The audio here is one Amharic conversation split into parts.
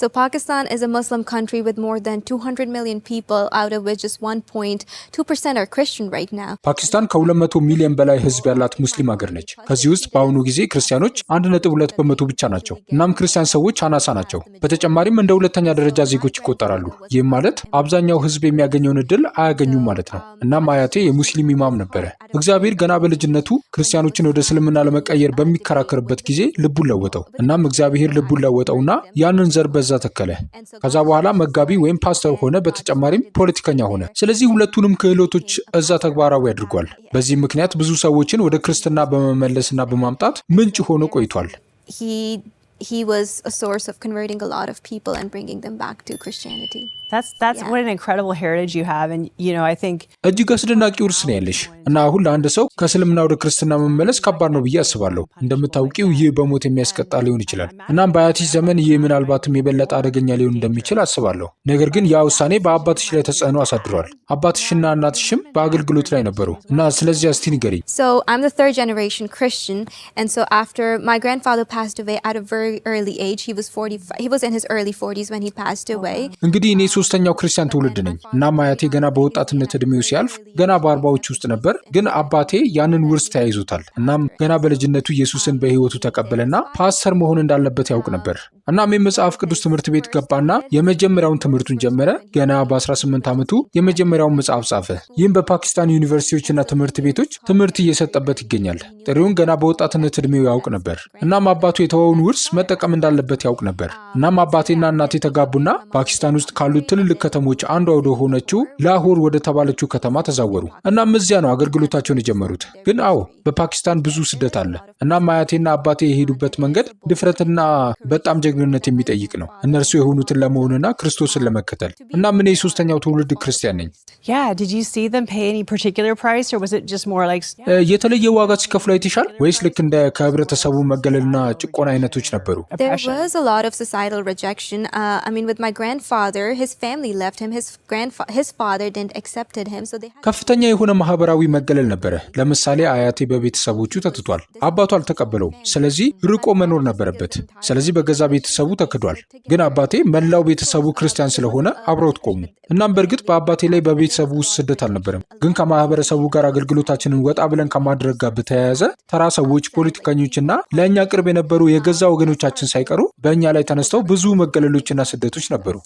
So Pakistan is a Muslim country with more than 200 million people, out of which just 1.2% are Christian right now. ፓኪስታን ከ200 ሚሊዮን በላይ ህዝብ ያላት ሙስሊም ሀገር ነች። ከዚህ ውስጥ በአሁኑ ጊዜ ክርስቲያኖች 1.2 በመቶ ብቻ ናቸው። እናም ክርስቲያን ሰዎች አናሳ ናቸው። በተጨማሪም እንደ ሁለተኛ ደረጃ ዜጎች ይቆጠራሉ። ይህም ማለት አብዛኛው ህዝብ የሚያገኘውን እድል አያገኙም ማለት ነው። እናም አያቴ የሙስሊም ኢማም ነበረ። እግዚአብሔር ገና በልጅነቱ ክርስቲያኖችን ወደ እስልምና ለመቀየር በሚከራከርበት ጊዜ ልቡን ለወጠው። እናም እግዚአብሔር ልቡን ለወጠውና ያንን ዘር በዘር ከዛ ተከለ። ከዛ በኋላ መጋቢ ወይም ፓስተር ሆነ፣ በተጨማሪም ፖለቲከኛ ሆነ። ስለዚህ ሁለቱንም ክህሎቶች እዛ ተግባራዊ አድርጓል። በዚህ ምክንያት ብዙ ሰዎችን ወደ ክርስትና በመመለስና በማምጣት ምንጭ ሆኖ ቆይቷል። he was a source of converting a lot of people and bringing them back to Christianity. That's that's what an incredible heritage you have and you know I think እጅግ አስደናቂ ውርስ ነው ያለሽ እና አሁን ለአንድ ሰው ከእስልምና ወደ ክርስትና መመለስ ከባድ ነው ብዬ አስባለሁ። እንደምታውቂው ይህ በሞት የሚያስቀጣ ሊሆን ይችላል። እናም በአያትሽ ዘመን ይህ ምናልባትም የበለጠ አደገኛ ሊሆን እንደሚችል አስባለሁ። ነገር ግን ያ ውሳኔ በአባትሽ ላይ ተጽዕኖ አሳድሯል። አባትሽና እናትሽም በአገልግሎት ላይ ነበሩ እና ስለዚህ እስቲ ንገሪኝ። So I'm the third generation Christian and so after my grandfather passed away at a very early age. He was 45. He was in his early 40s when he passed oh, away. እንግዲህ እኔ ሶስተኛው ክርስቲያን ትውልድ ነኝ። እናም አያቴ ገና በወጣትነት እድሜው ሲያልፍ ገና በአርባዎች ውስጥ ነበር። ግን አባቴ ያንን ውርስ ተያይዞታል። እናም ገና በልጅነቱ ኢየሱስን በህይወቱ ተቀበለና ፓስተር መሆን እንዳለበት ያውቅ ነበር። እናም የመጽሐፍ ቅዱስ ትምህርት ቤት ገባና የመጀመሪያውን ትምህርቱን ጀመረ። ገና በ18 ዓመቱ የመጀመሪያውን መጽሐፍ ጻፈ። ይህም በፓኪስታን ዩኒቨርሲቲዎችና ትምህርት ቤቶች ትምህርት እየሰጠበት ይገኛል። ጥሪውን ገና በወጣትነት እድሜው ያውቅ ነበር። እናም አባቱ የተወውን ውርስ መጠቀም እንዳለበት ያውቅ ነበር። እናም አባቴና እናቴ ተጋቡና ፓኪስታን ውስጥ ካሉት ትልልቅ ከተሞች አንዷ ወደ ሆነችው ላሆር ወደ ተባለችው ከተማ ተዛወሩ። እናም እዚያ ነው አገልግሎታቸውን የጀመሩት። ግን አዎ በፓኪስታን ብዙ ስደት አለ። እናም አያቴና አባቴ የሄዱበት መንገድ ድፍረትና በጣም ጀግ ቁርጠኝነት የሚጠይቅ ነው። እነርሱ የሆኑትን ለመሆንና ክርስቶስን ለመከተል። እናም እኔ የሶስተኛው ትውልድ ክርስቲያን ነኝ። የተለየ ዋጋ ሲከፍሉ አይተሻል? ወይስ ልክ እንደ ከህብረተሰቡ መገለልና ጭቆና አይነቶች ነበሩ? Uh, ከፍተኛ የሆነ ማህበራዊ መገለል ነበረ። ለምሳሌ አያቴ በቤተሰቦቹ ተትቷል። አባቱ አልተቀበለውም። ስለዚህ ርቆ መኖር ነበረበት። ስለዚህ በገዛ ቤተሰቡ ቤተሰቡ ተክዷል። ግን አባቴ መላው ቤተሰቡ ክርስቲያን ስለሆነ አብረውት ቆሙ። እናም በእርግጥ በአባቴ ላይ በቤተሰቡ ውስጥ ስደት አልነበረም። ግን ከማህበረሰቡ ጋር አገልግሎታችንን ወጣ ብለን ከማድረግ ጋር በተያያዘ ተራ ሰዎች፣ ፖለቲከኞችና ለእኛ ቅርብ የነበሩ የገዛ ወገኖቻችን ሳይቀሩ በእኛ ላይ ተነስተው ብዙ መገለሎችና ስደቶች ነበሩ።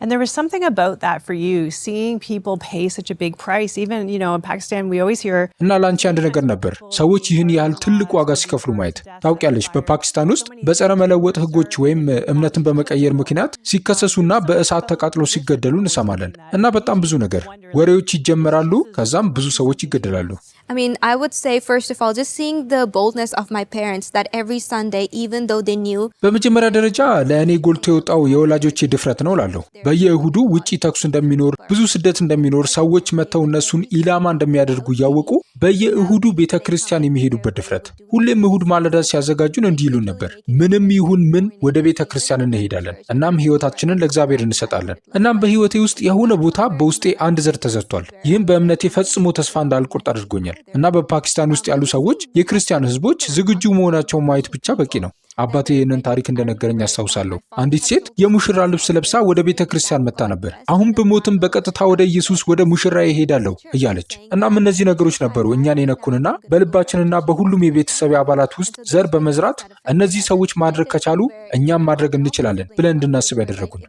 And there was something about that for you, seeing people pay such a big price, even, you know, in Pakistan, we always hear. እና ለአንቺ አንድ ነገር ነበር፣ ሰዎች ይህን ያህል ትልቅ ዋጋ ሲከፍሉ ማየት። ታውቂያለሽ፣ በፓኪስታን ውስጥ በጸረ መለወጥ ህጎች ወይም እምነትን በመቀየር ምክንያት ሲከሰሱና በእሳት ተቃጥለው ሲገደሉ እንሰማለን። እና በጣም ብዙ ነገር ወሬዎች ይጀመራሉ፣ ከዛም ብዙ ሰዎች ይገደላሉ። I mean, I would say, first of all, just seeing the boldness of my parents that every Sunday, even though they knew በመጀመሪያ ደረጃ ለእኔ ጎልቶ የወጣው የወላጆቼ ድፍረት ነው ላለሁ በየእሁዱ ውጪ ተኩስ እንደሚኖር፣ ብዙ ስደት እንደሚኖር፣ ሰዎች መጥተው እነሱን ኢላማ እንደሚያደርጉ እያወቁ በየእሁዱ ቤተ ክርስቲያን የሚሄዱበት ድፍረት። ሁሌም እሁድ ማለዳ ሲያዘጋጁን እንዲህ ይሉን ነበር፣ ምንም ይሁን ምን ወደ ቤተ ክርስቲያን እንሄዳለን፣ እናም ህይወታችንን ለእግዚአብሔር እንሰጣለን። እናም በህይወቴ ውስጥ የሆነ ቦታ በውስጤ አንድ ዘር ተዘርቷል። ይህም በእምነቴ ፈጽሞ ተስፋ እንዳልቆርጥ አድርጎኛል እና በፓኪስታን ውስጥ ያሉ ሰዎች የክርስቲያን ህዝቦች ዝግጁ መሆናቸውን ማየት ብቻ በቂ ነው። አባቴ ይህንን ታሪክ እንደነገረኝ አስታውሳለሁ። አንዲት ሴት የሙሽራ ልብስ ለብሳ ወደ ቤተ ክርስቲያን መጣ ነበር። አሁን ብሞትም በቀጥታ ወደ ኢየሱስ ወደ ሙሽራ ይሄዳለሁ እያለች። እናም እነዚህ ነገሮች ነበሩ እኛን የነኩንና በልባችንና በሁሉም የቤተሰብ አባላት ውስጥ ዘር በመዝራት እነዚህ ሰዎች ማድረግ ከቻሉ እኛም ማድረግ እንችላለን ብለን እንድናስብ ያደረጉን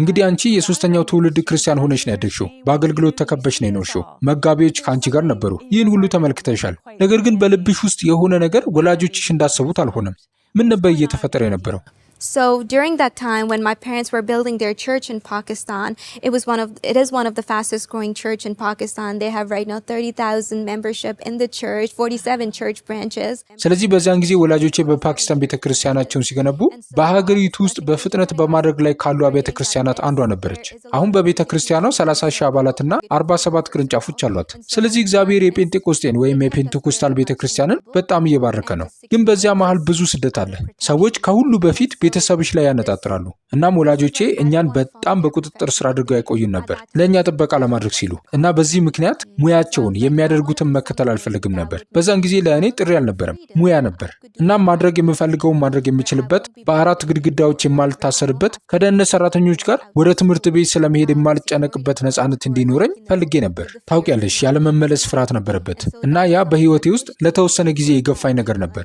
እንግዲህ አንቺ የሶስተኛው ትውልድ ክርስቲያን ሆነች ነው ያደግሽው። በአገልግሎት ተከበሽ ነው የኖርሽው። መጋቢዎች ከአንቺ ጋር ነበሩ። ይህን ሁሉ ተመልክተሻል። ነገር ግን በልብሽ ውስጥ የሆነ ነገር ወላጆችሽ እንዳሰቡት አልሆነም። ምን ነበር እየተፈጠረ የነበረው? So during that time when my parents were building their church in Pakistan, it was one of it is one of the fastest growing church in Pakistan. They have right now 30,000 membership in the church, 47 church branches. ስለዚህ በዚያን ጊዜ ወላጆቼ በፓኪስታን ቤተ ክርስቲያናቸውን ሲገነቡ በሀገሪቱ ውስጥ በፍጥነት በማድረግ ላይ ካሉ አብያተ ክርስቲያናት አንዷ ነበረች። አሁን በቤተ ክርስቲያኗ 30 ሺህ አባላትና 47 ቅርንጫፎች አሏት። ስለዚህ እግዚአብሔር የጴንጤቆስጤን ወይም የፔንቴኮስታል ቤተ ክርስቲያንን በጣም እየባረከ ነው። ግን በዚያ መሃል ብዙ ስደት አለ። ሰዎች ከሁሉ በፊት ቤተሰብሽ ላይ ያነጣጥራሉ። እናም ወላጆቼ እኛን በጣም በቁጥጥር ስር አድርገው ያቆዩን ነበር ለእኛ ጥበቃ ለማድረግ ሲሉ እና በዚህ ምክንያት ሙያቸውን የሚያደርጉትን መከተል አልፈልግም ነበር። በዛን ጊዜ ለእኔ ጥሪ አልነበረም፣ ሙያ ነበር። እናም ማድረግ የምፈልገውን ማድረግ የምችልበት፣ በአራት ግድግዳዎች የማልታሰርበት፣ ከደህንነት ሰራተኞች ጋር ወደ ትምህርት ቤት ስለመሄድ የማልጨነቅበት ነፃነት እንዲኖረኝ ፈልጌ ነበር። ታውቂያለሽ፣ ያለመመለስ ፍርሃት ነበረበት እና ያ በህይወቴ ውስጥ ለተወሰነ ጊዜ የገፋኝ ነገር ነበር።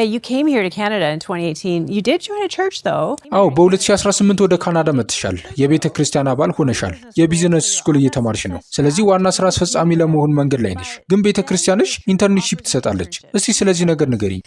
አዎ በ2018 ወደ ካናዳ መጥተሻል። የቤተ ክርስቲያን አባል ሆነሻል። የቢዝነስ ስኩል እየተማርሽ ነው። ስለዚህ ዋና ስራ አስፈጻሚ ለመሆን መንገድ ላይ ነሽ። ግን ቤተ ክርስቲያንሽ ኢንተርንሺፕ ትሰጣለች። እስቲ ስለዚህ ነገር ንገሪኝ።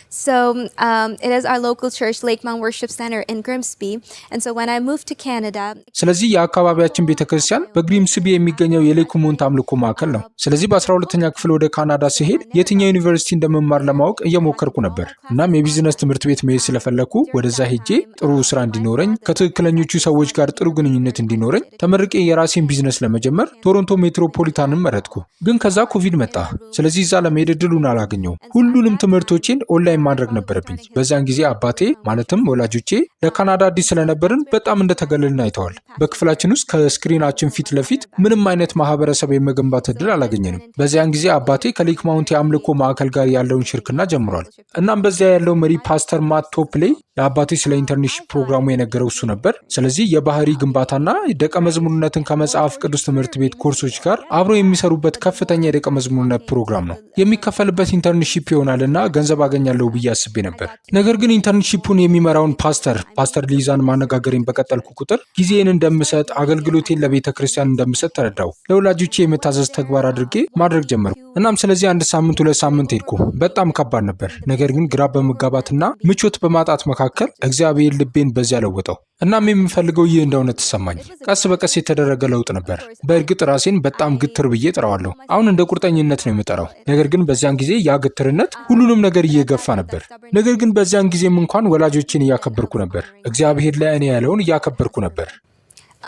ስለዚህ የአካባቢያችን ቤተ ክርስቲያን በግሪምስቢ የሚገኘው የሌክሞንት አምልኮ ማዕከል ነው። ስለዚህ በ12ኛ ክፍል ወደ ካናዳ ሲሄድ የትኛው ዩኒቨርሲቲ እንደመማር ለማወቅ እየሞከርኩ ነበር። እናም የቢዝነስ ትምህርት ቤት መሄድ ስለፈለግኩ ወደዛ ሄጄ ጥሩ ስራ እንዲኖረኝ ከትክክለኞቹ ሰዎች ጋር ጥሩ ግንኙነት እንዲኖረኝ ተመርቄ የራሴን ቢዝነስ ለመጀመር ቶሮንቶ ሜትሮፖሊታንን መረጥኩ። ግን ከዛ ኮቪድ መጣ። ስለዚህ እዛ ለመሄድ እድሉን አላገኘው። ሁሉንም ትምህርቶቼን ኦንላይን ማድረግ ነበረብኝ። በዚያን ጊዜ አባቴ ማለትም ወላጆቼ ለካናዳ አዲስ ስለነበርን በጣም እንደተገለልን አይተዋል። በክፍላችን ውስጥ ከስክሪናችን ፊት ለፊት ምንም አይነት ማህበረሰብ የመገንባት እድል አላገኘንም። በዚያን ጊዜ አባቴ ከሌክ ማውንት የአምልኮ ማዕከል ጋር ያለውን ሽርክና ጀምሯል። እናም በዚ እዚያ ያለው መሪ ፓስተር ማት ቶፕሌ ለአባቴ ስለ ኢንተርኔሽን ፕሮግራሙ የነገረው እሱ ነበር። ስለዚህ የባህሪ ግንባታና ደቀ መዝሙርነትን ከመጽሐፍ ቅዱስ ትምህርት ቤት ኮርሶች ጋር አብረው የሚሰሩበት ከፍተኛ የደቀ መዝሙርነት ፕሮግራም ነው። የሚከፈልበት ይሆናል ይሆናልና ገንዘብ አገኛለሁ ብዬ አስቤ ነበር። ነገር ግን ኢንተርንሽፑን የሚመራውን ፓስተር ፓስተር ሊዛን ማነጋገሬን በቀጠልኩ ቁጥር ጊዜን እንደምሰጥ አገልግሎቴን ለቤተ ክርስቲያን እንደምሰጥ ተረዳው ለወላጆቼ የመታዘዝ ተግባር አድርጌ ማድረግ ጀመርኩ። እናም ስለዚህ አንድ ሳምንት ሁለት ሳምንት ሄድኩ። በጣም ከባድ ነበር። ነገር ግን ግራ በመጋባትና ምቾት በማጣት መካከል እግዚአብሔር ልቤን በዚያ ለወጠው። እናም የምፈልገው ይህ እንደሆነ ተሰማኝ። ቀስ በቀስ የተደረገ ለውጥ ነበር። በእርግጥ ራሴን በጣም ግትር ብዬ ጠራዋለሁ። አሁን እንደ ቁርጠኝነት ነው የምጠራው። ነገር ግን በዚያን ጊዜ ያ ግትርነት ሁሉንም ነገር እየገፋ ነበር። ነገር ግን በዚያን ጊዜም እንኳን ወላጆችን እያከበርኩ ነበር። እግዚአብሔር ለእኔ ያለውን እያከበርኩ ነበር።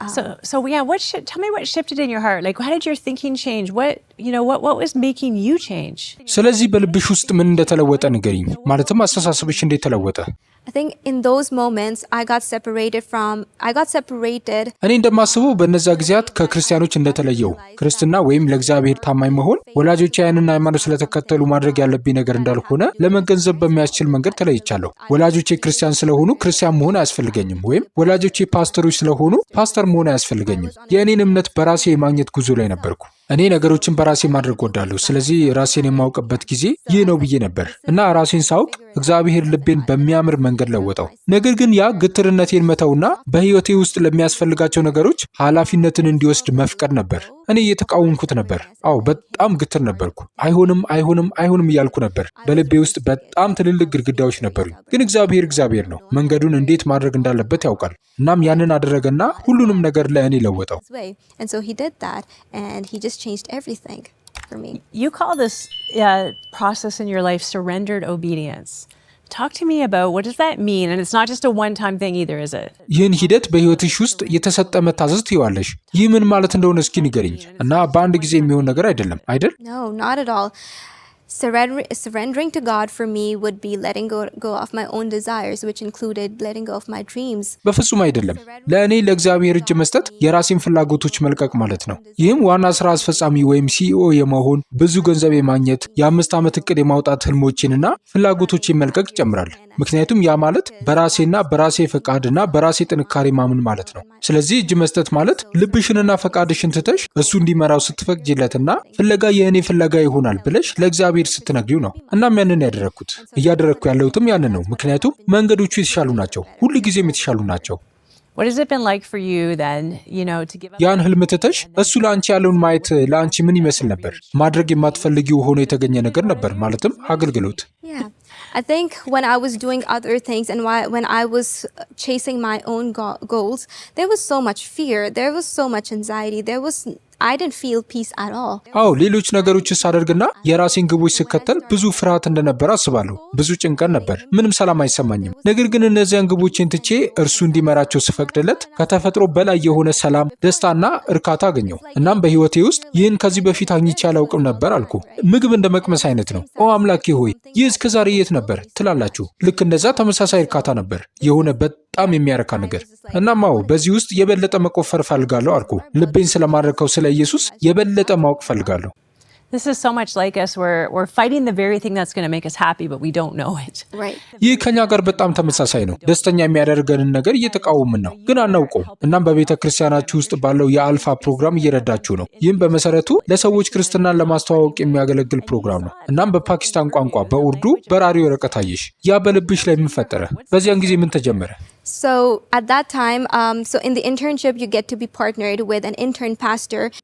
Um, so, so yeah, what sh- tell me what shifted in your heart? Like, how did your thinking change? What, you know, what, what was making you change? ስለዚህ በልብሽ ውስጥ ምን እንደተለወጠ ንገሪኝ። ማለትም አስተሳሰብሽ እንዴት ተለወጠ? I think in those moments I got separated from I got separated እኔ እንደማስበው በእነዚያ ጊዜያት ከክርስቲያኖች እንደተለየው ክርስትና ወይም ለእግዚአብሔር ታማኝ መሆን ወላጆች ያንን ሃይማኖት ስለተከተሉ ማድረግ ያለብኝ ነገር እንዳልሆነ ለመገንዘብ በሚያስችል መንገድ ተለይቻለሁ። ወላጆቼ ክርስቲያን ስለሆኑ ክርስቲያን መሆን አያስፈልገኝም፣ ወይም ወላጆቼ ፓስተሮች ስለሆኑ ፓስተር መሆን አያስፈልገኝም። የእኔን እምነት በራሴ የማግኘት ጉዞ ላይ ነበርኩ። እኔ ነገሮችን በራሴ ማድረግ ወዳለሁ። ስለዚህ ራሴን የማውቅበት ጊዜ ይህ ነው ብዬ ነበር እና ራሴን ሳውቅ እግዚአብሔር ልቤን በሚያምር መንገድ ለወጠው። ነገር ግን ያ ግትርነቴን መተውና በሕይወቴ ውስጥ ለሚያስፈልጋቸው ነገሮች ኃላፊነትን እንዲወስድ መፍቀድ ነበር። እኔ እየተቃወምኩት ነበር። አዎ በጣም ግትር ነበርኩ። አይሆንም፣ አይሆንም፣ አይሆንም እያልኩ ነበር። በልቤ ውስጥ በጣም ትልልቅ ግድግዳዎች ነበሩኝ። ግን እግዚአብሔር እግዚአብሔር ነው፣ መንገዱን እንዴት ማድረግ እንዳለበት ያውቃል። እናም ያንን አደረገና ሁሉንም ነገር ለእኔ ለወጠው። You call this uh, process in your life surrendered obedience. Talk to me about what does that mean? And it's not just a one-time thing either, is it? ይህን ሂደት በህይወትሽ ውስጥ የተሰጠ መታዘዝ ትይዋለሽ። ይህ ምን ማለት እንደሆነ እስኪ ንገሪኝ እና በአንድ ጊዜ የሚሆን ነገር አይደለም አይደል? No, not at all. surrender, surrendering to God for me would be letting go, go of my own desires which included letting go of my dreams በፍጹም አይደለም። ለእኔ ለእግዚአብሔር እጅ መስጠት የራሴን ፍላጎቶች መልቀቅ ማለት ነው። ይህም ዋና ስራ አስፈጻሚ ወይም ሲኢኦ የመሆን ብዙ ገንዘብ የማግኘት የአምስት ዓመት እቅድ የማውጣት ህልሞችንና ፍላጎቶችን መልቀቅ ይጨምራል። ምክንያቱም ያ ማለት በራሴና በራሴ ፈቃድና በራሴ ጥንካሬ ማምን ማለት ነው። ስለዚህ እጅ መስጠት ማለት ልብሽንና ፈቃድሽን ትተሽ እሱ እንዲመራው ስትፈቅጂለትና ፍለጋ የእኔ ፍለጋ ይሆናል ብለሽ ለእግዚአብሔር እግዚአብሔር ስትነግሪው ነው። እናም ያንን ያደረግኩት እያደረግኩ ያለሁትም ያንን ነው። ምክንያቱም መንገዶቹ የተሻሉ ናቸው፣ ሁል ጊዜም የተሻሉ ናቸው። ያን ህልም ትተሽ እሱ ለአንቺ ያለውን ማየት ለአንቺ ምን ይመስል ነበር? ማድረግ የማትፈልጊው ሆኖ የተገኘ ነገር ነበር፣ ማለትም አገልግሎት። አዎ ሌሎች ነገሮችን ሳደርግና የራሴን ግቦች ስከተል ብዙ ፍርሃት እንደነበር አስባለሁ። ብዙ ጭንቀት ነበር፣ ምንም ሰላም አይሰማኝም። ነገር ግን እነዚያን ግቦችን ትቼ እርሱ እንዲመራቸው ስፈቅድለት ከተፈጥሮ በላይ የሆነ ሰላም፣ ደስታና እርካታ አገኘው። እናም በህይወቴ ውስጥ ይህን ከዚህ በፊት አግኝቼ አላውቅም ነበር አልኩ። ምግብ እንደ መቅመስ አይነት ነው። ኦ አምላኬ ሆይ ይህ እስከዛሬ የት ነበር ትላላችሁ። ልክ እንደዛ ተመሳሳይ እርካታ ነበር የሆነበት በጣም የሚያረካ ነገር። እናም አዎ በዚህ ውስጥ የበለጠ መቆፈር ፈልጋለሁ አልኩ። ልቤን ስለማረከው ስለ ኢየሱስ የበለጠ ማወቅ ፈልጋለሁ። ይህ ከኛ ጋር በጣም ተመሳሳይ ነው። ደስተኛ የሚያደርገንን ነገር እየተቃወምን ነው፣ ግን አናውቀውም እናም በቤተ ክርስቲያናችሁ ውስጥ ባለው የአልፋ ፕሮግራም እየረዳችሁ ነው። ይህም በመሰረቱ ለሰዎች ክርስትናን ለማስተዋወቅ የሚያገለግል ፕሮግራም ነው። እናም በፓኪስታን ቋንቋ በኡርዱ በራሪ ወረቀት አየሽ። ያ በልብሽ ላይ ምን ፈጠረ? በዚያን ጊዜ ምን ተጀመረ?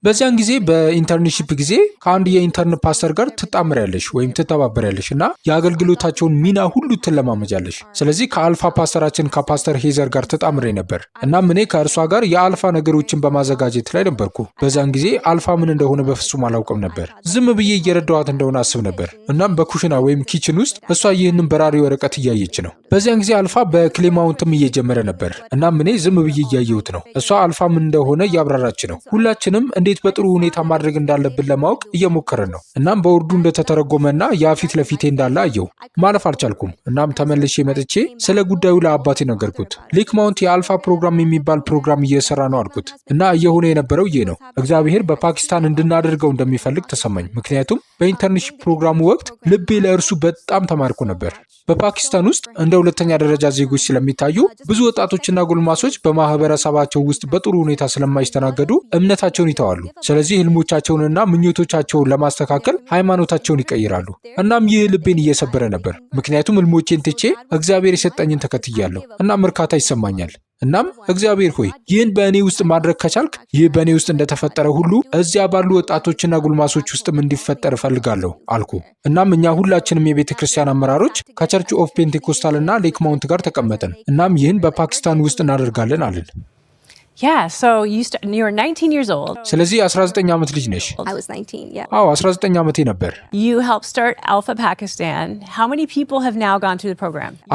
በዚያን ጊዜ በኢንተርንሺፕ ጊዜ ከአንድ የኢንተርን ፓስተር ጋር ትጣምሪያለሽ ወይም ትተባበሪያለሽ እና የአገልግሎታቸውን ሚና ሁሉ ትለማመጃለሽ። ስለዚህ ከአልፋ ፓስተራችን ከፓስተር ሄዘር ጋር ተጣምሬ ነበር። እናም እኔ ከእርሷ ጋር የአልፋ ነገሮችን በማዘጋጀት ላይ ነበርኩ። በዚያን ጊዜ አልፋ ምን እንደሆነ በፍጹም አላውቅም ነበር። ዝም ብዬ እየረዳዋት እንደሆነ አስብ ነበር። እናም በኩሽና ወይም ኪችን ውስጥ እሷ ይህንን በራሪ ወረቀት እያየች ነው በዚያን ጊዜ አልፋ በክሌማውንትም እየጀመረ ነበር። እናም እኔ ዝም ብዬ እያየሁት ነው። እሷ አልፋም እንደሆነ እያብራራች ነው። ሁላችንም እንዴት በጥሩ ሁኔታ ማድረግ እንዳለብን ለማወቅ እየሞከረን ነው። እናም በውርዱ እንደተተረጎመና ያ ፊት ለፊቴ እንዳለ አየው። ማለፍ አልቻልኩም። እናም ተመልሼ መጥቼ ስለ ጉዳዩ ለአባቴ ነገርኩት። ሌክ ማውንት የአልፋ ፕሮግራም የሚባል ፕሮግራም እየሰራ ነው አልኩት እና እየሆነ የነበረው ይህ ነው። እግዚአብሔር በፓኪስታን እንድናደርገው እንደሚፈልግ ተሰማኝ። ምክንያቱም በኢንተርንሺፕ ፕሮግራሙ ወቅት ልቤ ለእርሱ በጣም ተማርኮ ነበር። በፓኪስታን ውስጥ እንደ ሁለተኛ ደረጃ ዜጎች ስለሚታዩ ብዙ ወጣቶችና ጎልማሶች በማህበረሰባቸው ውስጥ በጥሩ ሁኔታ ስለማይስተናገዱ እምነታቸውን ይተዋሉ። ስለዚህ ህልሞቻቸውንና ምኞቶቻቸውን ለማስተካከል ሃይማኖታቸውን ይቀይራሉ። እናም ይህ ልቤን እየሰበረ ነበር፣ ምክንያቱም ህልሞቼን ትቼ እግዚአብሔር የሰጠኝን ተከትያለሁ። እናም እርካታ ይሰማኛል። እናም እግዚአብሔር ሆይ ይህን በእኔ ውስጥ ማድረግ ከቻልክ ይህ በእኔ ውስጥ እንደተፈጠረ ሁሉ እዚያ ባሉ ወጣቶችና ጉልማሶች ውስጥም እንዲፈጠር እፈልጋለሁ አልኩ። እናም እኛ ሁላችንም የቤተ ክርስቲያን አመራሮች ከቸርች ኦፍ ፔንቴኮስታልና ሌክ ማውንት ጋር ተቀመጥን። እናም ይህን በፓኪስታን ውስጥ እናደርጋለን አልን። ስለዚህ 19 ዓመት ልጅ ነሽ? አዎ 19 ዓመቴ ነበር።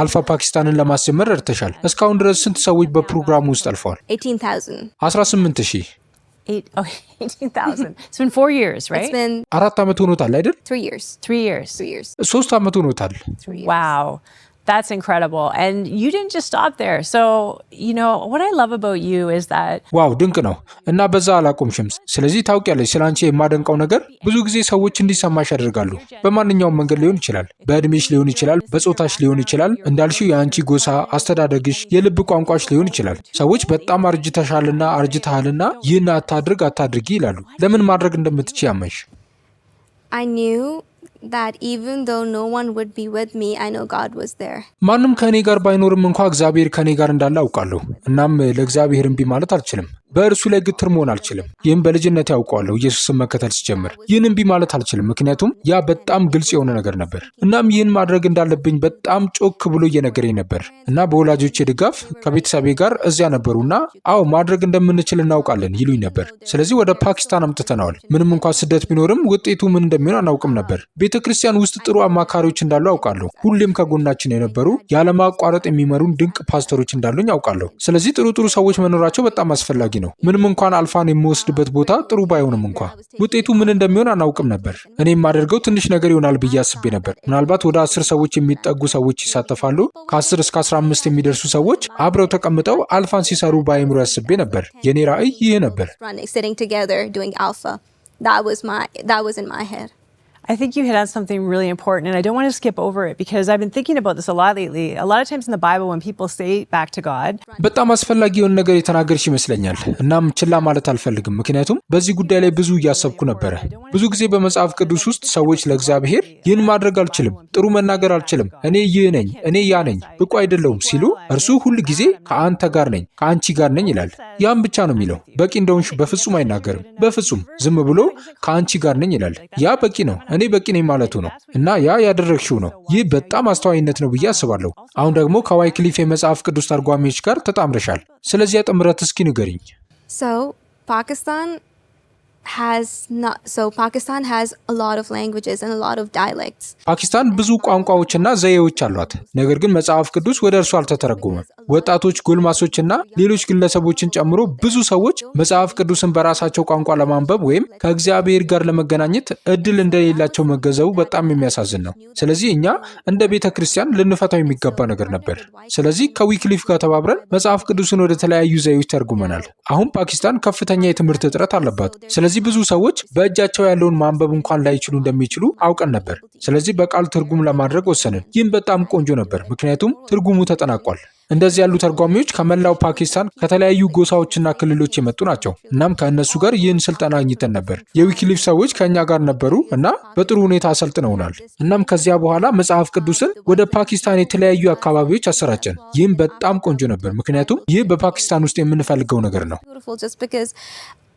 አልፋ ፓኪስታንን ለማስጀመር ረድተሻል። እስካሁን ድረስ ስንት ሰዎች በፕሮግራሙ ውስጥ አልፈዋል? 18 ሺህ። oh, አራት ዓመት ሆኖታል አይደል? ሶስት ዓመት ሆኖታል። ዋው That's incredible. And you didn't just stop there. So, you know, what I love about you is that ዋው ድንቅ ነው እና በዛ አላቆምሽም። ስለዚህ ታውቂያለሽ፣ ስለ አንቺ የማደንቀው ነገር ብዙ ጊዜ ሰዎች እንዲሰማሽ ያደርጋሉ። በማንኛውም መንገድ ሊሆን ይችላል፣ በእድሜሽ ሊሆን ይችላል፣ በጾታሽ ሊሆን ይችላል፣ እንዳልሽው የአንቺ ጎሳ፣ አስተዳደግሽ፣ የልብ ቋንቋሽ ሊሆን ይችላል። ሰዎች በጣም አርጅተሻልና አርጅተሃልና ይህን አታድርግ አታድርጊ ይላሉ። ለምን ማድረግ እንደምትች ያመንሽ I knew that even though no one would be with me, I know God was there. ማንም ከእኔ ጋር ባይኖርም እንኳ እግዚአብሔር ከእኔ ጋር እንዳለ አውቃለሁ። እናም ለእግዚአብሔር እምቢ ማለት አልችልም። በእርሱ ላይ ግትር መሆን አልችልም። ይህም በልጅነት ያውቀዋለሁ። ኢየሱስን መከተል ሲጀምር ይህን እምቢ ማለት አልችልም፣ ምክንያቱም ያ በጣም ግልጽ የሆነ ነገር ነበር። እናም ይህን ማድረግ እንዳለብኝ በጣም ጮክ ብሎ እየነገረኝ ነበር እና በወላጆቼ ድጋፍ ከቤተሰቤ ጋር እዚያ ነበሩና አዎ ማድረግ እንደምንችል እናውቃለን ይሉኝ ነበር። ስለዚህ ወደ ፓኪስታን አምጥተነዋል። ምንም እንኳ ስደት ቢኖርም ውጤቱ ምን እንደሚሆን አናውቅም ነበር። ቤተ ክርስቲያን ውስጥ ጥሩ አማካሪዎች እንዳሉ አውቃለሁ። ሁሌም ከጎናችን የነበሩ ያለማቋረጥ የሚመሩን ድንቅ ፓስተሮች እንዳሉኝ አውቃለሁ። ስለዚህ ጥሩ ጥሩ ሰዎች መኖራቸው በጣም አስፈላጊ አስፈላጊ ነው። ምንም እንኳን አልፋን የምወስድበት ቦታ ጥሩ ባይሆንም እንኳ ውጤቱ ምን እንደሚሆን አናውቅም ነበር። እኔ የማደርገው ትንሽ ነገር ይሆናል ብዬ አስቤ ነበር። ምናልባት ወደ አስር ሰዎች የሚጠጉ ሰዎች ይሳተፋሉ። ከአስር እስከ አስራ አምስት የሚደርሱ ሰዎች አብረው ተቀምጠው አልፋን ሲሰሩ በአእምሮ ያስቤ ነበር። የኔ ራዕይ ይህ ነበር። I think you hit on something really important, and I don't want to skip over it because I've been thinking about this a lot lately. A lot of times in the Bible, when people say back to God, በጣም አስፈላጊውን ነገር የተናገርሽ ይመስለኛል። እናም ችላ ማለት አልፈልግም፣ ምክንያቱም በዚህ ጉዳይ ላይ ብዙ እያሰብኩ ነበረ። ብዙ ጊዜ በመጽሐፍ ቅዱስ ውስጥ ሰዎች ለእግዚአብሔር ይህን ማድረግ አልችልም፣ ጥሩ መናገር አልችልም፣ እኔ ይህ ነኝ፣ እኔ ያ ነኝ፣ ብቁ አይደለሁም ሲሉ እርሱ ሁል ጊዜ ከአንተ ጋር ነኝ፣ ከአንቺ ጋር ነኝ ይላል። ያም ብቻ ነው የሚለው። በቂ እንደሆንሽ በፍጹም አይናገርም። በፍጹም ዝም ብሎ ከአንቺ ጋር ነኝ ይላል። ያ በቂ ነው። እኔ በቂ ነኝ ማለቱ ነው እና ያ ያደረግሽው ነው። ይህ በጣም አስተዋይነት ነው ብዬ አስባለሁ። አሁን ደግሞ ከዋይ ክሊፍ የመጽሐፍ ቅዱስ ተርጓሚዎች ጋር ተጣምረሻል። ስለዚያ ጥምረት እስኪ ንገሪኝ። ፓኪስታን has not so Pakistan has a lot of languages and a lot of dialects. ፓኪስታን ብዙ ቋንቋዎችና ዘዬዎች አሏት። ነገር ግን መጽሐፍ ቅዱስ ወደ እርሱ አልተተረጎመም። ወጣቶች፣ ጎልማሶችና ሌሎች ግለሰቦችን ጨምሮ ብዙ ሰዎች መጽሐፍ ቅዱስን በራሳቸው ቋንቋ ለማንበብ ወይም ከእግዚአብሔር ጋር ለመገናኘት እድል እንደሌላቸው መገንዘቡ በጣም የሚያሳዝን ነው። ስለዚህ እኛ እንደ ቤተ ክርስቲያን ልንፈታው የሚገባ ነገር ነበር። ስለዚህ ከዊክሊፍ ጋር ተባብረን መጽሐፍ ቅዱስን ወደ ተለያዩ ዘዬዎች ተርጉመናል። አሁን ፓኪስታን ከፍተኛ የትምህርት እጥረት አለባት። ስለዚህ እነዚህ ብዙ ሰዎች በእጃቸው ያለውን ማንበብ እንኳን ላይችሉ እንደሚችሉ አውቀን ነበር። ስለዚህ በቃል ትርጉም ለማድረግ ወሰንን። ይህም በጣም ቆንጆ ነበር፣ ምክንያቱም ትርጉሙ ተጠናቋል። እንደዚህ ያሉ ተርጓሚዎች ከመላው ፓኪስታን ከተለያዩ ጎሳዎችና ክልሎች የመጡ ናቸው። እናም ከእነሱ ጋር ይህን ስልጠና አግኝተን ነበር። የዊኪሊፍ ሰዎች ከእኛ ጋር ነበሩ እና በጥሩ ሁኔታ አሰልጥነውናል። እናም ከዚያ በኋላ መጽሐፍ ቅዱስን ወደ ፓኪስታን የተለያዩ አካባቢዎች አሰራጨን። ይህም በጣም ቆንጆ ነበር፣ ምክንያቱም ይህ በፓኪስታን ውስጥ የምንፈልገው ነገር ነው።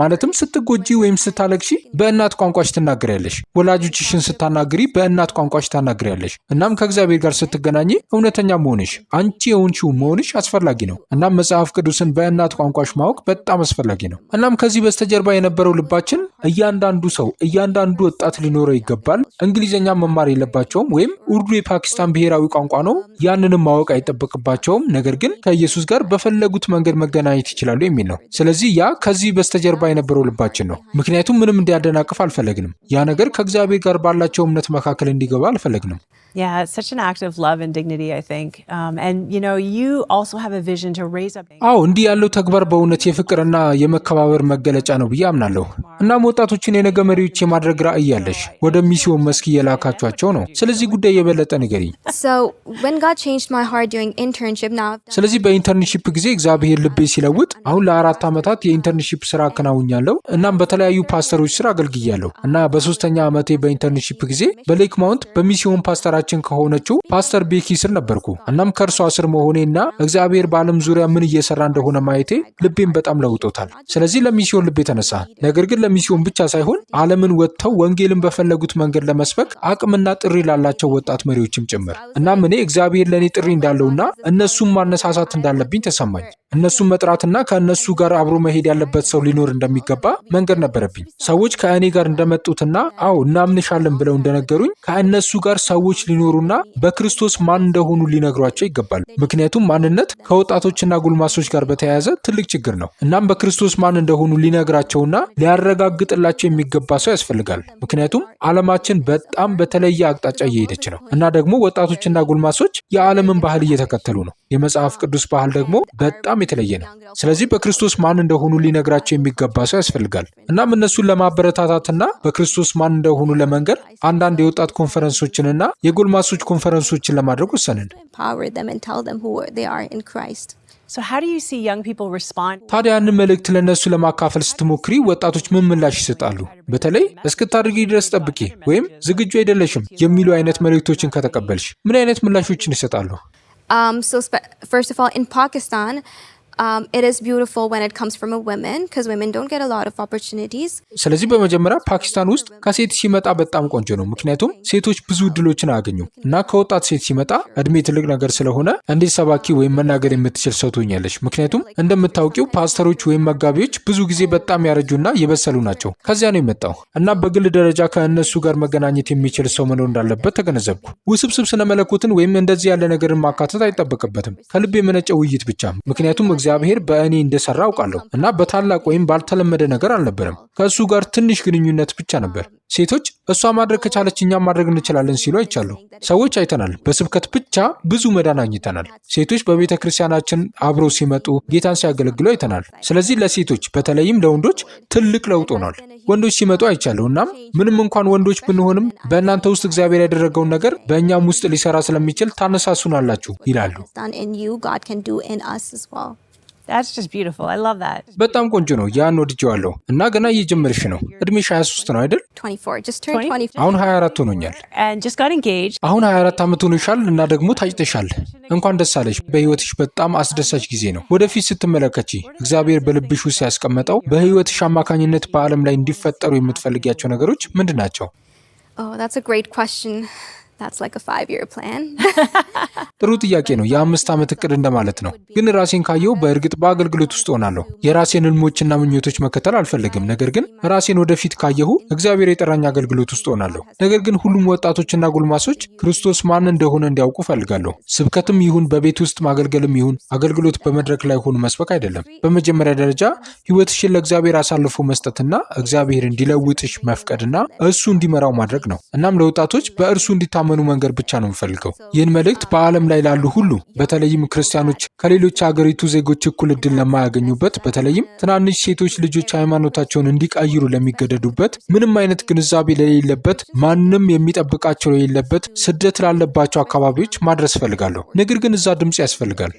ማለትም ስትጎጂ ወይም ስታለቅሺ በእናት ቋንቋሽ ትናገሪያለሽ። ወላጆችሽን ስታናግሪ በእናት ቋንቋሽ ታናግሪያለሽ። እናም ከእግዚአብሔር ጋር ስትገናኝ እውነተኛ መሆንሽ፣ አንቺ የሆንሽው መሆንሽ አስፈላጊ ነው። እናም መጽሐፍ ቅዱስን በእናት ቋንቋሽ ማወቅ በጣም አስፈላጊ ነው። እናም ከዚህ በስተጀርባ የነበረው ልባችን እያንዳንዱ ሰው እያንዳንዱ ወጣት ሊኖረው ይገባል። እንግሊዝኛ መማር የለባቸውም ወይም ኡርዱ የፓኪስታን ብሔራዊ ቋንቋ ነው፣ ያንንም ማወቅ አይጠበቅባቸውም። ነገር ግን ከኢየሱስ ጋር በፈለጉት መንገድ መገናኘት ይችላሉ የሚል ነው። ነው። ስለዚህ ያ ከዚህ በስተጀርባ የነበረው ልባችን ነው። ምክንያቱም ምንም እንዲያደናቅፍ አልፈለግንም። ያ ነገር ከእግዚአብሔር ጋር ባላቸው እምነት መካከል እንዲገባ አልፈለግንም። um, አዎ እንዲህ ያለው ተግባር በእውነት የፍቅርና የመከባበር መገለጫ ነው ብዬ አምናለሁ። እናም ወጣቶችን የነገ መሪዎች የማድረግ ራዕይ ያለሽ ወደ ሚስዮን መስክ እየላካቸዋቸው ነው። ስለዚህ ጉዳይ የበለጠ ንገሪኝ። ስለዚህ በኢንተርንሽፕ ጊዜ እግዚአብሔር ልቤ ሲለውጥ አሁን ለአ አራት ዓመታት የኢንተርንሺፕ ስራ አከናውኛለሁ። እናም በተለያዩ ፓስተሮች ስራ አገልግያለሁ እና በሶስተኛ ዓመቴ በኢንተርንሺፕ ጊዜ በሌክ ማውንት በሚስዮን ፓስተራችን ከሆነችው ፓስተር ቤኪ ስር ነበርኩ። እናም ከእርሷ ስር መሆኔ እና እግዚአብሔር በዓለም ዙሪያ ምን እየሰራ እንደሆነ ማየቴ ልቤን በጣም ለውጦታል። ስለዚህ ለሚስዮን ልቤ ተነሳ። ነገር ግን ለሚስዮን ብቻ ሳይሆን ዓለምን ወጥተው ወንጌልን በፈለጉት መንገድ ለመስበክ አቅምና ጥሪ ላላቸው ወጣት መሪዎችም ጭምር። እናም እኔ እግዚአብሔር ለእኔ ጥሪ እንዳለውና እነሱም ማነሳሳት እንዳለብኝ ተሰማኝ። እነሱም መጥራትና ከእነሱ ጋር አብሮ መሄድ ያለበት ሰው ሊኖር እንደሚገባ መንገድ ነበረብኝ። ሰዎች ከእኔ ጋር እንደመጡትና አዎ እናምንሻለን ብለው እንደነገሩኝ ከእነሱ ጋር ሰዎች ሊኖሩና በክርስቶስ ማን እንደሆኑ ሊነግሯቸው ይገባል። ምክንያቱም ማንነት ከወጣቶችና ጎልማሶች ጋር በተያያዘ ትልቅ ችግር ነው። እናም በክርስቶስ ማን እንደሆኑ ሊነግራቸውና ሊያረጋግጥላቸው የሚገባ ሰው ያስፈልጋል። ምክንያቱም ዓለማችን በጣም በተለየ አቅጣጫ እየሄደች ነው እና ደግሞ ወጣቶችና ጎልማሶች የዓለምን ባህል እየተከተሉ ነው። የመጽሐፍ ቅዱስ ባህል ደግሞ በጣም የተለየ ነው። ስለዚህ በክርስቶስ በክርስቶስ ማን እንደሆኑ ሊነግራቸው የሚገባ ሰው ያስፈልጋል። እናም እነሱን ለማበረታታትና በክርስቶስ ማን እንደሆኑ ለመንገር አንዳንድ የወጣት ኮንፈረንሶችንና የጎልማሶች ኮንፈረንሶችን ለማድረግ ወሰንን። ታዲያ ያንን መልእክት ለእነሱ ለማካፈል ስትሞክሪ ወጣቶች ምን ምላሽ ይሰጣሉ? በተለይ እስክታድርጊ ድረስ ጠብቂ ወይም ዝግጁ አይደለሽም የሚሉ አይነት መልእክቶችን ከተቀበልሽ ምን አይነት ምላሾችን ይሰጣሉ? Um, Um, it is beautiful when it comes from a woman because women don't get a lot of opportunities. ስለዚህ በመጀመሪያ ፓኪስታን ውስጥ ከሴት ሲመጣ በጣም ቆንጆ ነው፣ ምክንያቱም ሴቶች ብዙ እድሎችን አያገኙ። እና ከወጣት ሴት ሲመጣ እድሜ ትልቅ ነገር ስለሆነ እንዴት ሰባኪ ወይም መናገር የምትችል ሰው ትሆኛለች። ምክንያቱም እንደምታውቂው ፓስተሮች ወይም መጋቢዎች ብዙ ጊዜ በጣም ያረጁና የበሰሉ ናቸው። ከዚያ ነው የመጣው እና በግል ደረጃ ከእነሱ ጋር መገናኘት የሚችል ሰው መኖር እንዳለበት ተገነዘብኩ። ውስብስብ ስነ መለኮትን ወይም እንደዚህ ያለ ነገርን ማካተት አይጠበቅበትም፣ ከልብ የመነጨ ውይይት ብቻ ምክንያቱም እግዚአብሔር በእኔ እንደሰራ አውቃለሁ እና በታላቅ ወይም ባልተለመደ ነገር አልነበረም። ከእሱ ጋር ትንሽ ግንኙነት ብቻ ነበር። ሴቶች እሷ ማድረግ ከቻለች እኛም ማድረግ እንችላለን ሲሉ አይቻለሁ። ሰዎች አይተናል። በስብከት ብቻ ብዙ መዳን አግኝተናል። ሴቶች በቤተ ክርስቲያናችን አብረው ሲመጡ ጌታን ሲያገለግሉ አይተናል። ስለዚህ ለሴቶች በተለይም ለወንዶች ትልቅ ለውጥ ሆኗል። ወንዶች ሲመጡ አይቻለሁ። እናም ምንም እንኳን ወንዶች ብንሆንም በእናንተ ውስጥ እግዚአብሔር ያደረገውን ነገር በእኛም ውስጥ ሊሰራ ስለሚችል ታነሳሱናላችሁ ይላሉ። በጣም ቆንጆ ነው። ያን ወድጀዋለሁ። እና ገና እየጀመርሽ ነው። እድሜሽ 23 ነው አይደል? አሁን 24 ሆኖኛል። አሁን 24 ዓመት ሆኖሻል እና ደግሞ ታጭተሻል። እንኳን ደስ አለሽ። በህይወትሽ በጣም አስደሳች ጊዜ ነው። ወደፊት ስትመለከቺ እግዚአብሔር በልብሽ ውስጥ ያስቀመጠው በህይወትሽ አማካኝነት በዓለም ላይ እንዲፈጠሩ የምትፈልጊያቸው ነገሮች ምንድን ናቸው? Oh, ጥሩ ጥያቄ ነው። የአምስት ዓመት እቅድ እንደማለት ነው። ግን ራሴን ካየው በእርግጥ በአገልግሎት ውስጥ ሆናለሁ። የራሴን ህልሞችና ምኞቶች መከተል አልፈለግም። ነገር ግን ራሴን ወደፊት ካየሁ እግዚአብሔር የጠራኝ አገልግሎት ውስጥ ሆናለሁ። ነገር ግን ሁሉም ወጣቶችና ጎልማሶች ክርስቶስ ማን እንደሆነ እንዲያውቁ ፈልጋለሁ። ስብከትም ይሁን በቤት ውስጥ ማገልገልም ይሁን አገልግሎት በመድረክ ላይ ሆኑ መስበክ አይደለም። በመጀመሪያ ደረጃ ህይወትሽን ለእግዚአብሔር አሳልፎ መስጠትና እግዚአብሔር እንዲለውጥሽ መፍቀድና እሱ እንዲመራው ማድረግ ነው። እናም ለወጣቶች በእርሱ እንዲታመኑ መንገድ ብቻ ነው የምፈልገው። ይህን መልእክት በዓለም በዓለም ላይ ላሉ ሁሉ በተለይም ክርስቲያኖች ከሌሎች አገሪቱ ዜጎች እኩል እድል ለማያገኙበት በተለይም ትናንሽ ሴቶች ልጆች ሃይማኖታቸውን እንዲቀይሩ ለሚገደዱበት ምንም አይነት ግንዛቤ ለሌለበት ማንም የሚጠብቃቸው ለሌለበት ስደት ላለባቸው አካባቢዎች ማድረስ እፈልጋለሁ። ነገር ግን እዛ ድምፅ ያስፈልጋል።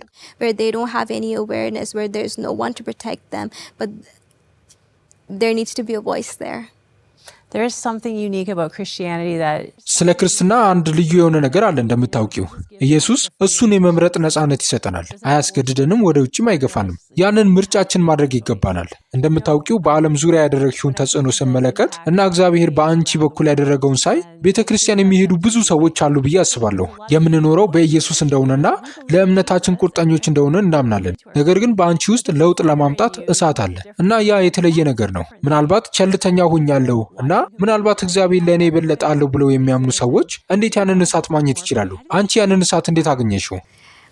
ስለ ክርስትና አንድ ልዩ የሆነ ነገር አለ። እንደምታውቂው ኢየሱስ እሱን የመምረጥ ነፃነት ይሰጠናል። አያስገድደንም፣ ወደ ውጭም አይገፋንም። ያንን ምርጫችን ማድረግ ይገባናል። እንደምታውቂው በዓለም ዙሪያ ያደረግሽውን ተጽዕኖ ስመለከት እና እግዚአብሔር በአንቺ በኩል ያደረገውን ሳይ ቤተ ክርስቲያን የሚሄዱ ብዙ ሰዎች አሉ ብዬ አስባለሁ። የምንኖረው በኢየሱስ እንደሆነና ለእምነታችን ቁርጠኞች እንደሆነ እናምናለን። ነገር ግን በአንቺ ውስጥ ለውጥ ለማምጣት እሳት አለ እና ያ የተለየ ነገር ነው። ምናልባት ቸልተኛ ሆኛለሁ እና ምናልባት እግዚአብሔር ለእኔ የበለጠ አለው ብለው የሚያምኑ ሰዎች እንዴት ያንን እሳት ማግኘት ይችላሉ? አንቺ ያንን እሳት እንዴት አገኘሽው?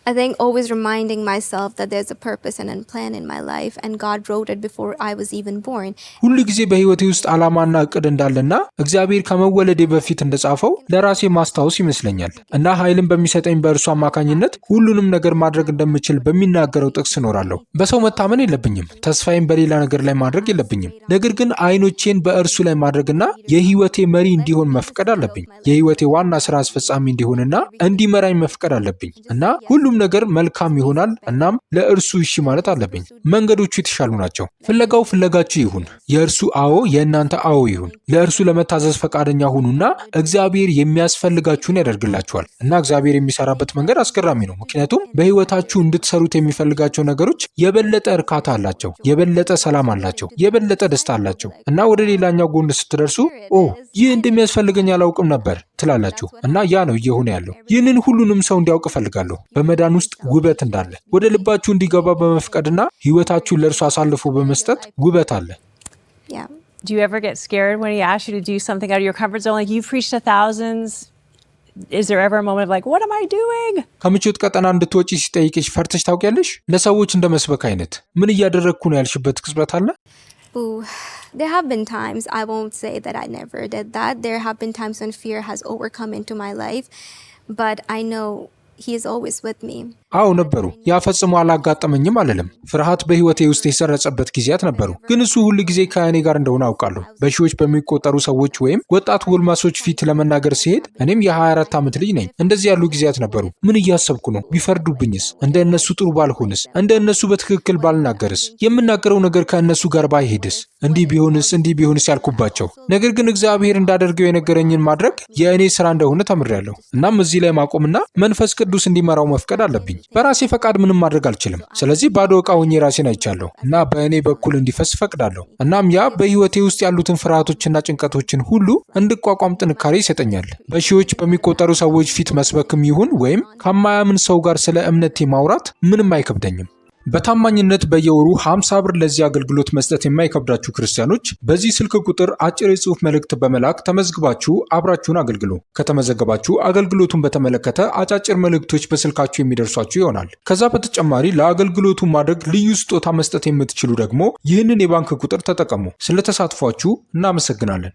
I think always reminding myself that there's a purpose and a plan in my life and God wrote it before I was even born. ሁሉ ጊዜ በህይወቴ ውስጥ ዓላማና እቅድ እንዳለና እግዚአብሔር ከመወለዴ በፊት እንደጻፈው ለራሴ ማስታወስ ይመስለኛል እና ኃይልን በሚሰጠኝ በእርሱ አማካኝነት ሁሉንም ነገር ማድረግ እንደምችል በሚናገረው ጥቅስ እኖራለሁ። በሰው መታመን የለብኝም፣ ተስፋዬን በሌላ ነገር ላይ ማድረግ የለብኝም። ነገር ግን አይኖቼን በእርሱ ላይ ማድረግና የህይወቴ መሪ እንዲሆን መፍቀድ አለብኝ። የህይወቴ ዋና ስራ አስፈጻሚ እንዲሆንና እንዲመራኝ መፍቀድ አለብኝ እና ሁሉም ሁሉም ነገር መልካም ይሆናል። እናም ለእርሱ እሺ ማለት አለብኝ። መንገዶቹ የተሻሉ ናቸው። ፍለጋው ፍለጋችሁ ይሁን። የእርሱ አዎ የእናንተ አዎ ይሁን። ለእርሱ ለመታዘዝ ፈቃደኛ ሁኑና እግዚአብሔር የሚያስፈልጋችሁን ያደርግላችኋል። እና እግዚአብሔር የሚሰራበት መንገድ አስገራሚ ነው። ምክንያቱም በህይወታችሁ እንድትሰሩት የሚፈልጋቸው ነገሮች የበለጠ እርካታ አላቸው፣ የበለጠ ሰላም አላቸው፣ የበለጠ ደስታ አላቸው። እና ወደ ሌላኛው ጎን ስትደርሱ ኦ ይህ እንደሚያስፈልገኝ አላውቅም ነበር ትላላችሁ እና ያ ነው እየሆነ ያለው። ይህንን ሁሉንም ሰው እንዲያውቅ እፈልጋለሁ። በመዳን ውስጥ ውበት እንዳለ ወደ ልባችሁ እንዲገባ በመፍቀድና ህይወታችሁን ለእርሱ አሳልፎ በመስጠት ውበት አለ። ከምቾት ቀጠና እንድትወጪ ሲጠይቅሽ ፈርተሽ ታውቂያለሽ? ለሰዎች እንደ መስበክ አይነት ምን እያደረግኩ ነው ያልሽበት ቅጽበት አለ? There have been times, I won't say that I never did that. There have been times when fear has overcome into my life, but I know He is always with me. አዎ ነበሩ። ያ ፈጽሞ አላጋጠመኝም አልልም። ፍርሃት በህይወቴ ውስጥ የሰረጸበት ጊዜያት ነበሩ፣ ግን እሱ ሁል ጊዜ ከእኔ ጋር እንደሆነ አውቃለሁ። በሺዎች በሚቆጠሩ ሰዎች ወይም ወጣት ጎልማሶች ፊት ለመናገር ሲሄድ እኔም የ24 ዓመት ልጅ ነኝ። እንደዚህ ያሉ ጊዜያት ነበሩ። ምን እያሰብኩ ነው? ቢፈርዱብኝስ? እንደ እነሱ ጥሩ ባልሆንስ? እንደ እነሱ በትክክል ባልናገርስ? የምናገረው ነገር ከእነሱ ጋር ባይሄድስ? እንዲህ ቢሆንስ? እንዲህ ቢሆንስ ያልኩባቸው። ነገር ግን እግዚአብሔር እንዳደርገው የነገረኝን ማድረግ የእኔ ስራ እንደሆነ ተምሬያለሁ። እናም እዚህ ላይ ማቆምና መንፈስ ቅዱስ እንዲመራው መፍቀድ አለብኝ። በራሴ ፈቃድ ምንም ማድረግ አልችልም። ስለዚህ ባዶ እቃ ሆኜ ራሴን አይቻለሁ እና በእኔ በኩል እንዲፈስ ፈቅዳለሁ። እናም ያ በህይወቴ ውስጥ ያሉትን ፍርሃቶችና ጭንቀቶችን ሁሉ እንድቋቋም ጥንካሬ ይሰጠኛል። በሺዎች በሚቆጠሩ ሰዎች ፊት መስበክም ይሁን ወይም ከማያምን ሰው ጋር ስለ እምነቴ ማውራት ምንም አይከብደኝም። በታማኝነት በየወሩ 50 ብር ለዚህ አገልግሎት መስጠት የማይከብዳችሁ ክርስቲያኖች በዚህ ስልክ ቁጥር አጭር የጽሁፍ መልእክት በመላክ ተመዝግባችሁ አብራችሁን አገልግሉ። ከተመዘገባችሁ አገልግሎቱን በተመለከተ አጫጭር መልእክቶች በስልካችሁ የሚደርሷችሁ ይሆናል። ከዛ በተጨማሪ ለአገልግሎቱ ማድረግ ልዩ ስጦታ መስጠት የምትችሉ ደግሞ ይህንን የባንክ ቁጥር ተጠቀሙ። ስለተሳትፏችሁ እናመሰግናለን።